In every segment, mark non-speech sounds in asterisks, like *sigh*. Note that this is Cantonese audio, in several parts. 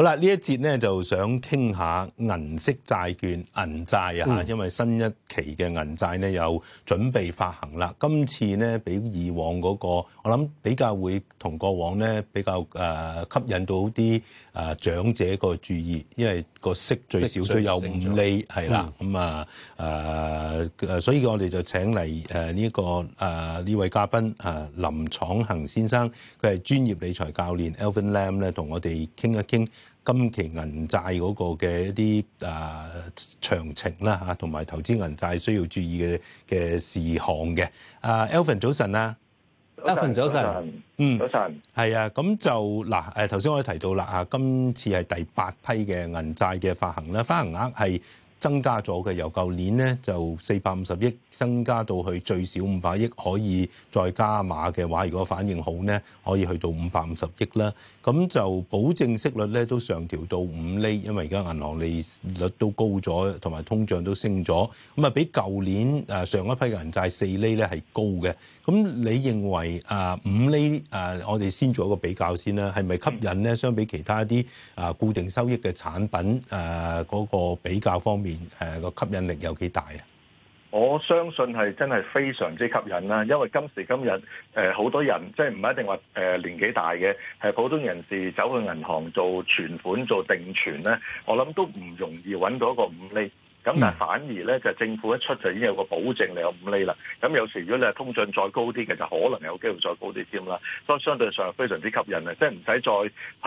好啦，呢一節咧就想傾下銀色債券、銀債啊，嗯、因為新一期嘅銀債咧有準備發行啦。今次咧比以往嗰、那個，我諗比較會同過往咧比較吸引到啲誒、啊、長者個注意，因為個息最少，都有五厘係啦。咁啊誒、啊，所以我哋就請嚟誒呢個誒呢、啊、位嘉賓誒、啊、林昶恆先生，佢係專業理財教練 Alvin Lam b 咧，同我哋傾一傾。今期銀債嗰個嘅一啲誒詳情啦嚇，同埋投資銀債需要注意嘅嘅事項嘅。誒，Alvin 早晨啊，Alvin 早晨，早晨，嗯，早晨，係啊，咁就嗱誒，頭先我哋提到啦嚇，今次係第八批嘅銀債嘅發行啦，發行額係增加咗嘅，由舊年咧就四百五十億增加到去最少五百億，可以再加碼嘅話，如果反應好咧，可以去到五百五十億啦。咁就保證息率咧都上調到五厘，因為而家銀行利率都高咗，同埋通脹都升咗。咁啊，比舊年誒上一批嘅銀債四厘咧係高嘅。咁你認為啊五厘啊，我哋先做一個比較先啦，係咪吸引咧？相比其他一啲啊固定收益嘅產品，誒、啊、嗰、嗰個比較方面，誒、啊嗰個吸引力有幾大啊？我相信係真係非常之吸引啦，因為今時今日誒好、呃、多人即係唔一定話年紀大嘅，係普通人士走去銀行做存款做定存咧，我諗都唔容易揾到一個五厘。咁、嗯、但係反而咧，就政府一出就已經有個保證，你有五厘啦。咁有時如果你通脹再高啲嘅，就可能有機會再高啲添啦。所以相對上非常之吸引啊，即係唔使再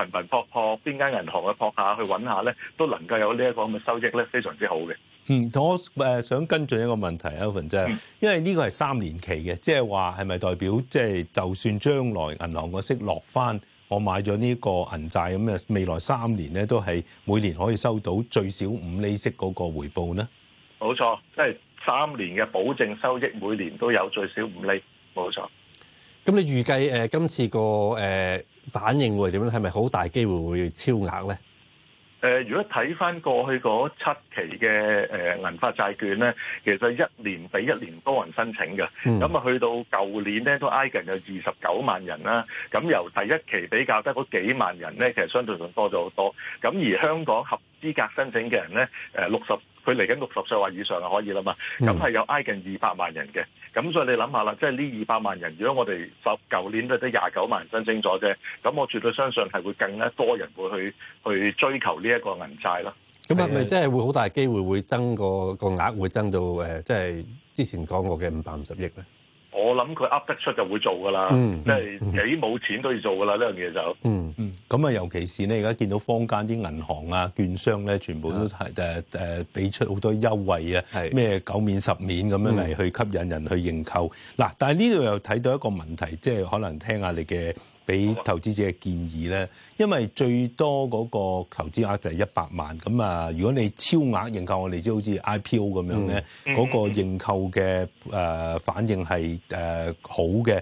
頻頻撲撲邊間銀行嘅撲下去揾下咧，都能夠有呢一個咁嘅收益咧，非常之好嘅。嗯，我誒想跟進一個問題，Alvin 即係，vin，因為呢個係三年期嘅，即係話係咪代表即係、就是、就算將來銀行個息落翻？我買咗呢個銀債咁啊，未來三年咧都係每年可以收到最少五厘息嗰個回報呢。冇錯，即係三年嘅保證收益，每年都有最少五厘。冇錯。咁你預計誒、呃、今次個誒、呃、反應會點咧？係咪好大機會會超額呢？誒，如果睇翻過去嗰七期嘅誒、呃、銀發債券咧，其實一年比一年多人申請嘅，咁啊、嗯、去到舊年咧都挨近有二十九萬人啦。咁由第一期比較得嗰幾萬人咧，其實相對上多咗好多。咁而香港合資格申請嘅人咧，誒六十，佢嚟緊六十歲或以上就可以啦嘛。咁係有挨近二百萬人嘅。咁所以你諗下啦，即係呢二百萬人，如果我哋就舊年都得廿九萬人申請咗啫，咁我絕對相信係會更加多人會去去追求呢一個銀債咯。咁係咪真係會好大機會會增個個額，會增到誒，即係、就是、之前講過嘅五百五十億咧。我諗佢噏得出就會做㗎啦，即係幾冇錢都要做㗎啦，呢樣嘢就，咁啊、嗯嗯，尤其是你而家見到坊間啲銀行啊、券商咧，全部都係誒誒，俾出好多優惠啊，咩是九免十免咁樣嚟去吸引人去認購。嗱、嗯，但係呢度又睇到一個問題，即係可能聽下你嘅，俾投資者嘅建議咧，因為最多嗰個投資額就係一百萬，咁啊，如果你超額認購我哋，即好似 IPO 咁樣咧，嗰個認購嘅誒、呃、反應係誒、呃、好嘅。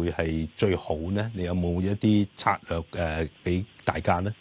會係最好咧？你有冇一啲策略，誒俾大家咧？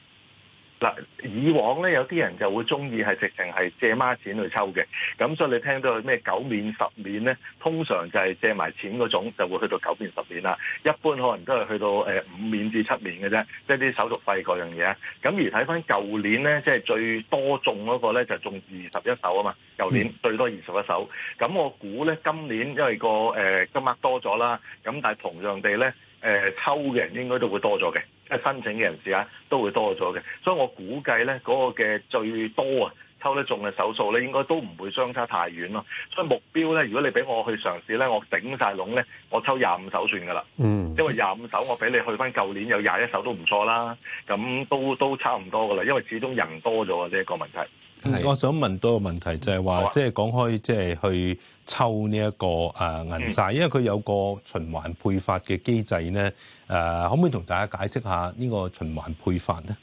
嗱，以往咧有啲人就會中意係直情係借孖錢去抽嘅，咁所以你聽到咩九面、十面咧，通常就係借埋錢嗰種就會去到九面、十面啦。一般可能都係去到誒五面至七面嘅啫，即係啲手續費嗰樣嘢。咁而睇翻舊年咧，即係最多中嗰個咧就中二十一手啊嘛，舊年最多二十一手。咁我估咧今年因為個誒金額多咗啦，咁但係同樣地咧誒抽嘅人應該都會多咗嘅。申請嘅人士啊，都會多咗嘅，所以我估計咧嗰個嘅最多啊抽得中嘅手數咧，應該都唔會相差太遠咯。所以目標咧，如果你俾我去嘗試咧，我頂晒籠咧，我抽廿五手算㗎啦。嗯，因為廿五手我俾你去翻舊年有廿一手都唔錯啦，咁都都差唔多㗎啦。因為始終人多咗啊，呢個問題。嗯、我想問到個問題就係話，即係講開，即係去抽呢一個誒銀債，嗯、因為佢有個循環配發嘅機制咧。誒、呃，可唔可以同大家解釋下呢個循環配發咧？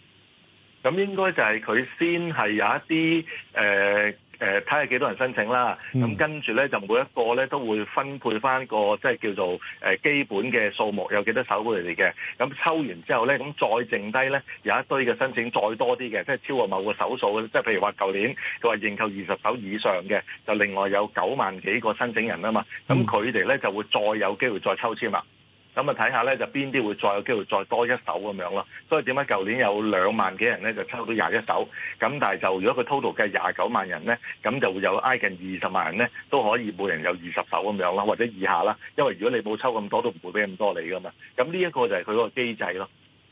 咁應該就係佢先係有一啲誒。呃誒睇下幾多人申請啦，咁跟住咧就每一個咧都會分配翻個即係叫做誒基本嘅數目，有幾多手佢哋嘅，咁抽完之後咧，咁再剩低咧有一堆嘅申請再多啲嘅，即係超過某個手數嘅，即係譬如話舊年佢話認購二十手以上嘅，就另外有九萬幾個申請人啊嘛，咁佢哋咧就會再有機會再抽籤啦。咁啊，睇下咧，就邊啲會再有機會再多一手咁樣咯。所以點解舊年有兩萬幾人咧，就抽到廿一手，咁但係就如果佢 total 計廿九萬人咧，咁就會有挨近二十萬人咧，都可以每人有二十手咁樣啦，或者以下啦。因為如果你冇抽咁多，都唔會俾咁多你噶嘛。咁呢一個就係佢嗰個機制咯。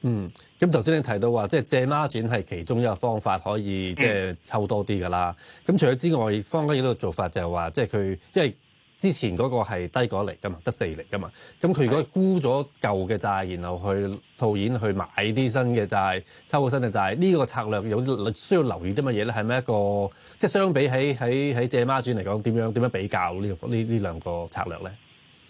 嗯，咁頭先你提到話，即係借孖展係其中一個方法可以即係抽多啲噶啦。咁除咗之外，方家呢個做法就係話，即係佢因為之前嗰個係低過嚟㗎嘛，得四厘㗎嘛。咁佢如果沽咗舊嘅債，然後去套現去買啲新嘅債，抽個新嘅債，呢、這個策略有需要留意啲乜嘢咧？係咪一個即係相比起喺喺喺借孖展嚟講，點樣點樣比較呢、這個呢呢兩個策略咧？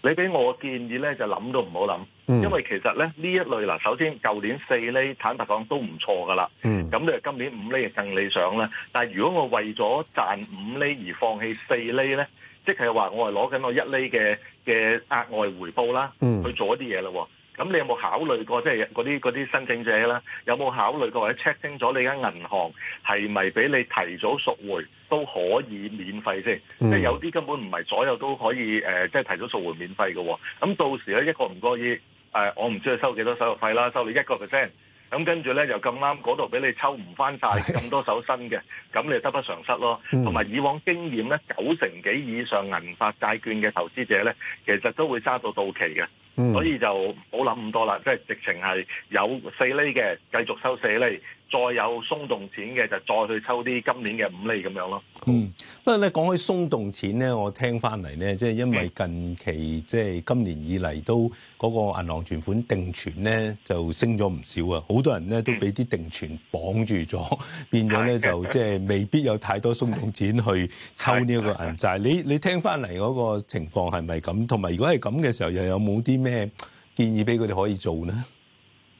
你俾我建議咧，就諗都唔好諗，因為其實咧呢一類嗱，首先舊年四厘坦白講都唔錯噶啦，咁你、嗯、今年五厘就更理想啦。但係如果我為咗賺五厘而放棄四厘咧，即係話我係攞緊我一厘嘅嘅額外回報啦，嗯、去做一啲嘢咯。咁你有冇考慮過即係嗰啲嗰啲申請者啦，有冇考慮過或者 check 清楚你間銀行係咪俾你提早贖回？都可以免費先，即係有啲根本唔係所有都可以、呃、即係提早贖回免費嘅、哦。咁到時咧一個唔過意，誒、呃、我唔知佢收幾多手續費啦，收你一個 percent。咁跟住咧就咁啱嗰度俾你抽唔翻晒咁多手身嘅，咁 *laughs* 你得不償失咯。同埋以往經驗咧，九成幾以上銀髮債券嘅投資者咧，其實都會揸到到期嘅，所以就唔好諗咁多啦。即係直情係有四厘嘅，繼續收四厘。再有鬆動錢嘅就再去抽啲今年嘅五厘咁樣咯。嗯，不過咧講起鬆動錢咧，我聽翻嚟咧，即係因為近期即係今年以嚟都嗰個銀行存款定存咧就升咗唔少啊，好多人咧都俾啲定存綁住咗，嗯，變咗咧就即係未必有太多鬆動錢去抽呢一個銀債。你你聽翻嚟嗰個情況係咪咁？同埋如果係咁嘅時候，又有冇啲咩建議俾佢哋可以做咧？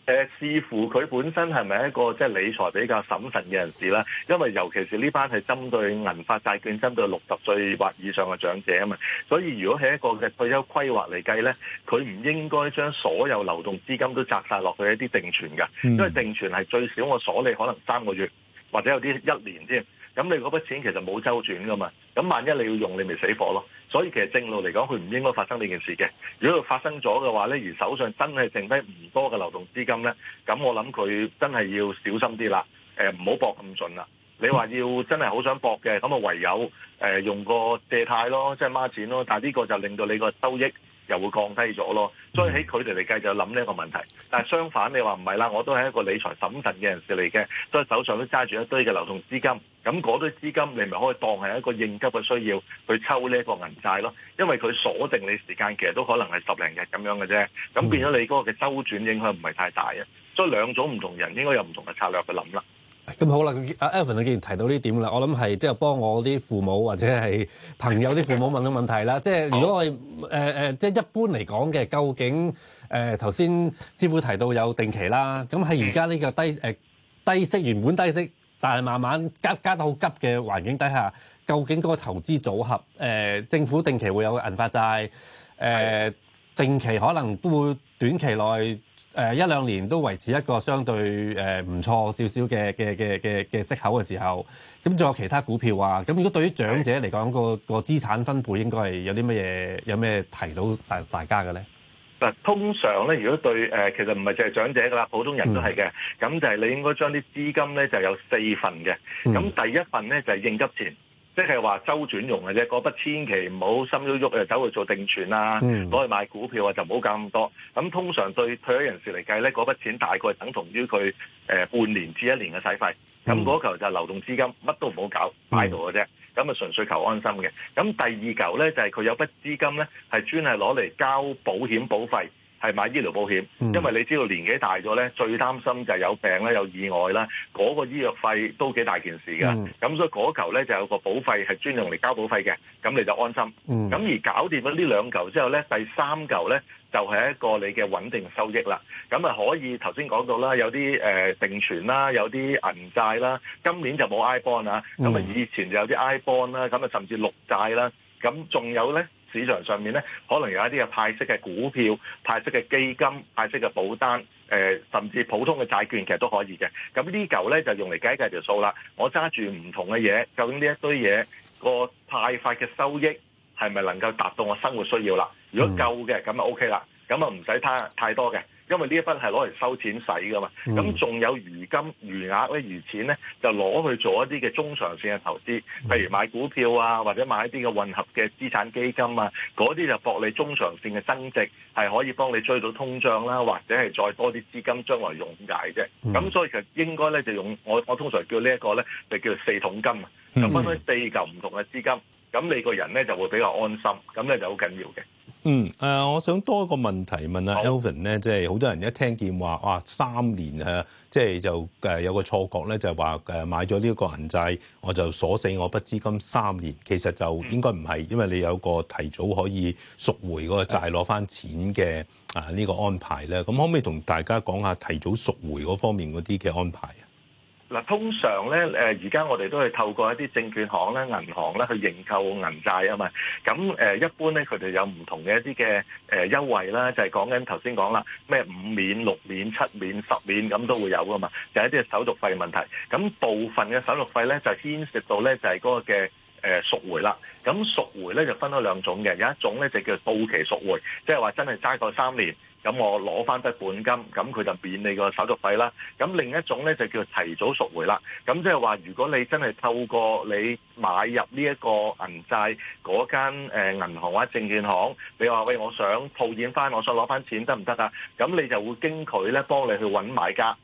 誒，視乎佢本身係咪一個即係理財比較審慎嘅人士啦，因為尤其是呢班係針對銀髮債券、針對六十歲或以上嘅長者啊嘛，所以如果係一個嘅退休規劃嚟計咧，佢唔應該將所有流動資金都摘晒落去一啲定存㗎，因為定存係最少我鎖你可能三個月，或者有啲一年添。咁你嗰筆錢其實冇周轉噶嘛，咁萬一你要用你咪死火咯。所以其實正路嚟講，佢唔應該發生呢件事嘅。如果佢發生咗嘅話呢，而手上真係剩低唔多嘅流動資金呢，咁我諗佢真係要小心啲啦。呃，唔好博咁盡啦。你話要真係好想博嘅，咁我唯有、呃、用個借貸咯，即係孖錢咯。但係呢個就令到你個收益又會降低咗咯，所以喺佢哋嚟計就諗呢一個問題。但係相反你話唔係啦，我都係一個理財審慎嘅人士嚟嘅，所以手上都揸住一堆嘅流動資金。咁嗰堆資金你咪可以當係一個應急嘅需要去抽呢一個銀債咯。因為佢鎖定你時間，其實都可能係十零日咁樣嘅啫。咁變咗你嗰個嘅周轉影響唔係太大嘅。所以兩種唔同人應該有唔同嘅策略去諗啦。咁好啦，阿 Alvin 啊，既然提到呢點啦，我諗係即係幫我啲父母或者係朋友啲父母問嘅問題啦。即係好如果我誒、呃、即係一般嚟講嘅，究竟誒頭先師傅提到有定期啦，咁喺而家呢個低誒、呃、低息、原本低息，但係慢慢加加到好急嘅環境底下，究竟嗰個投資組合誒、呃，政府定期會有銀髮債誒，呃、的定期可能都會短期內。誒一兩年都維持一個相對誒唔錯少少嘅嘅嘅嘅嘅息口嘅時候，咁仲有其他股票啊？咁如果對於長者嚟講，個、個資產分配應該係有啲乜嘢？有咩提到大大家嘅咧？嗱，通常咧，如果對誒，其實唔係淨係長者㗎喇，普通人都係嘅。咁、嗯、就係你應該將啲資金咧，就有四份嘅。咁第一份咧就係應急錢。即係話周轉用嘅啫，嗰筆千祈唔好心喐喐就走去做定存啦，啊，攞去買股票啊就唔好搞咁多。咁通常對退休人士嚟計咧，嗰筆錢大概等同於佢誒半年至一年嘅使費。咁嗰嚿就係流動資金，乜都唔好搞，擺度嘅啫。咁啊純粹求安心嘅。咁第二嚿咧就係、是、佢有筆資金咧，係專係攞嚟交保險保費。係買醫療保險，因為你知道年紀大咗咧，最擔心就係有病啦、有意外啦，嗰、那個醫藥費都幾大件事嘅。咁、嗯、所以嗰嚿咧就有一個保費係專用嚟交保費嘅，咁你就安心。咁、嗯、而搞掂咗呢兩嚿之後咧，第三嚿咧就係、是、一個你嘅穩定收益啦。咁啊可以頭先講到啦，有啲誒、呃、定存啦，有啲銀債啦。今年就冇 I bond 啊，咁啊、嗯、以前就有啲 I bond 啦，咁啊甚至綠債啦，咁仲有咧。市場上面咧，可能有一啲嘅派息嘅股票、派息嘅基金、派息嘅保單、呃，甚至普通嘅債券，其實都可以嘅。咁呢嚿咧就用嚟計一計條數啦。我揸住唔同嘅嘢，究竟呢一堆嘢個派發嘅收益係咪能夠達到我生活需要啦？如果夠嘅，咁就 OK 啦，咁啊唔使攤太多嘅。因為呢一筆係攞嚟收錢使㗎嘛，咁仲、嗯、有餘金餘額咧餘錢咧就攞去做一啲嘅中長線嘅投資，譬如買股票啊，或者買一啲嘅混合嘅資產基金啊，嗰啲就博你中長線嘅增值，係可以幫你追到通脹啦，或者係再多啲資金將來、嗯、用。解啫。咁所以其實應該咧就用我我通常叫呢一個咧就叫四桶金，就分開四嚿唔同嘅資金，咁你個人咧就會比較安心，咁咧就好緊要嘅。嗯，誒，我想多一個問題問啊，Elvin 咧好，即係好多人一聽見話，哇，三年即係、就誒、就有個錯覺咧，就係、誒、話買咗呢個銀債，我就鎖死我筆資金三年，其實就應該唔係，因為你有個提早可以贖回嗰個債攞翻錢嘅啊呢個安排咧，咁可唔可以同大家講下提早贖回嗰方面嗰啲嘅安排？嗱，通常咧，誒而家我哋都係透過一啲證券行咧、銀行咧去認購銀債啊嘛。咁誒、呃、一般咧，佢哋有唔同嘅一啲嘅誒優惠啦，就係、是、講緊頭先講啦，咩五免、六免、七免、十免咁都會有噶嘛，就係、是、一啲手續費問題。咁部分嘅手續費咧，就牽涉到咧就係、是、嗰個嘅誒贖回啦。咁贖回咧就分咗兩種嘅，有一種咧就叫做到期贖回，即係話真係齋過三年。咁我攞翻得本金，咁佢就免你個手續費啦。咁另一種咧就叫提早贖回啦。咁即係話，如果你真係透過你買入呢一個銀債嗰間誒銀行或者證券行，你話喂，我想套現翻，我想攞翻錢得唔得啊？咁你就會經佢咧幫你去揾買家。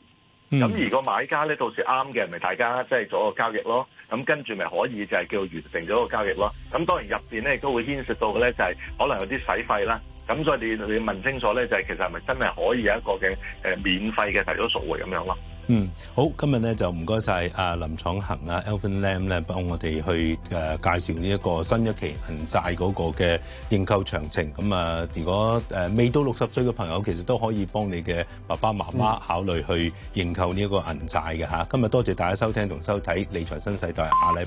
咁如果買家咧到時啱嘅，咪、就是、大家即係、就是、做一個交易咯。咁跟住咪可以就係叫做完成咗個交易咯。咁當然入邊咧都會牽涉到嘅咧，就係、是、可能有啲使費啦。咁所以你你問清楚咧，就係、是、其實係咪真係可以有一個嘅免費嘅提早贖回咁樣咯？嗯，好，今日咧就唔該曬林昶恆啊 Alvin Lam 咧幫我哋去、呃、介紹呢一個新一期銀債嗰個嘅認購詳情。咁啊，如果、呃、未到六十歲嘅朋友，其實都可以幫你嘅爸爸媽媽考慮去認購呢一個銀債嘅嚇。嗯、今日多謝大家收聽同收睇《理財新世代》下、啊、禮拜。